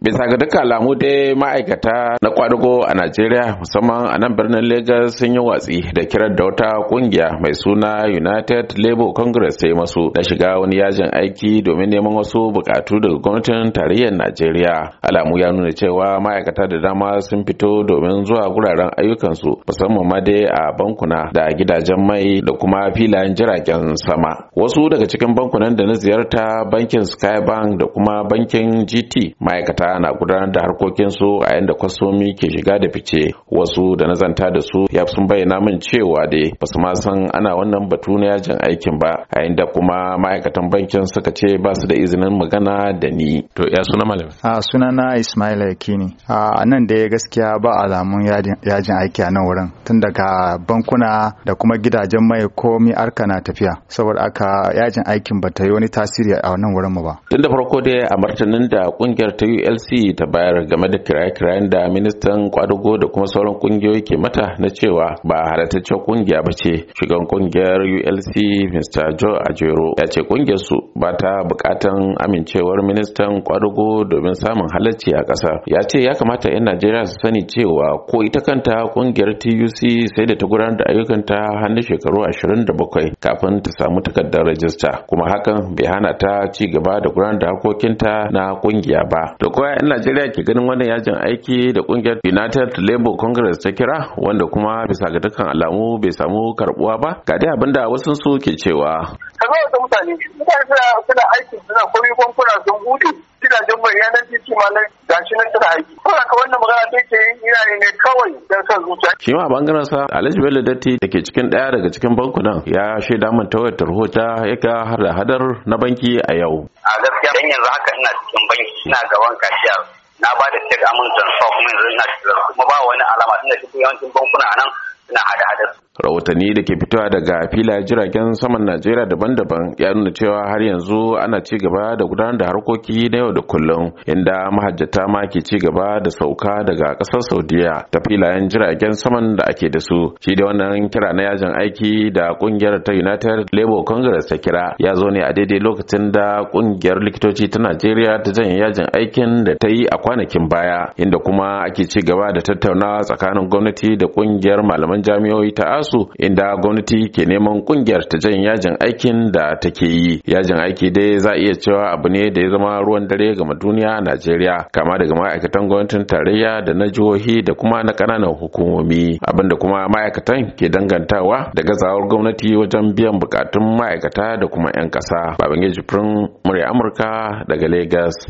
bisa ga duka alamu dai ma'aikata na kwadugo a najeriya musamman a nan birnin lagos sun yi watsi da kirar da wata kungiya mai suna united labour congress sai masu na shiga wani yajin aiki domin neman wasu bukatu daga gwamnatin tarayyar najeriya alamu ya nuna cewa ma'aikata da dama sun fito domin zuwa guraren ayyukansu musamman ma dai a bankuna da gidajen mai da kuma filayen jiragen sama wasu daga cikin bankunan da na ziyarta bankin skybank da kuma bankin gt ma'aikata Ana gudanar da harkokinsu a yadda kwasomi ke shiga da fice wasu da na zanta da su ya sun bayyana min cewa dai ba su ma san ana wannan batu na yajin aikin ba a yadda kuma ma'aikatan bankin suka ce ba su da izinin magana da ni to ya suna malam a suna na ismaila yakini a nan da gaskiya ba alamun yajin aiki a nan wurin tun daga bankuna da kuma gidajen mai komi arka na tafiya saboda aka yajin aikin ba ta yi wani tasiri a wannan wurin mu ba tun da farko dai a martanin da kungiyar ta UL NLC ta bayar game da kiraye-kirayen da ministan kwadugo da kuma sauran kungiyoyi ke mata na cewa ba halattaccen kungiya ba ce. Shugaban kungiyar ULC Mr. Joe Ajero ya ce kungiyar su ba ta bukatan amincewar ministan kwadugo domin samun halarci a ƙasa. Ya ce ya kamata 'yan Najeriya su sani cewa ko ita kanta kungiyar TUC sai da ta gudanar da ayyukanta har na shekaru 27 kafin ta samu takardar rajista kuma hakan bai hana ta ci gaba da gudanar da harkokinta na kungiya ba. Da baya 'yan najeriya ke ganin wannan yajin aiki da kungiyar united labour congress ta kira wanda kuma bisa ga dukkan alamu bai samu karbuwa ba ga dai abin da wasu su ke cewa kamar da mutane mutane suna aiki suna komai bankuna sun hudu gidajen bayanan titi ma na gashi nan suna aiki yi ne kawai don shi ma a bangaren sa alhaji bello datti da ke cikin ɗaya daga cikin bankunan ya shaida min tawayar tarhota ya ga hada-hadar na banki a yau. a gaskiya dan yanzu haka ina cikin banki ina gaban kashiya na ba da cek amincin transfer kuma yanzu ina cikin kuma ba wani alama ina cikin yawancin bankuna nan suna hada-hadar rahotanni da ke fitowa daga fila jiragen saman najeriya daban-daban ya nuna cewa har yanzu ana ci gaba da gudanar da harkoki na yau da kullum inda mahajjata ma ke ci gaba da sauka daga kasar saudiya ta filayen jiragen saman da ake da su shi da wannan kira na yajin aiki da kungiyar ta united labour congress ta kira ya zo ne a daidai lokacin da kungiyar likitoci ta najeriya ta janye yajin aikin da ta yi a kwanakin baya inda kuma ake ci gaba da tattaunawa tsakanin gwamnati da kungiyar malaman jami'o'i ta asu nasu inda gwamnati ke neman kungiyar ta jan yajin aikin da take yi yajin aiki dai za iya cewa abu ne da ya zama ruwan dare ga duniya a Najeriya kama daga ma'aikatan gwamnatin tarayya da na jihohi da kuma na kananan hukumomi abinda kuma ma'aikatan ke dangantawa da gazawar gwamnati wajen biyan bukatun ma'aikata da kuma 'yan ƙasa. Babangeji Firin Murya Amurka daga Legas.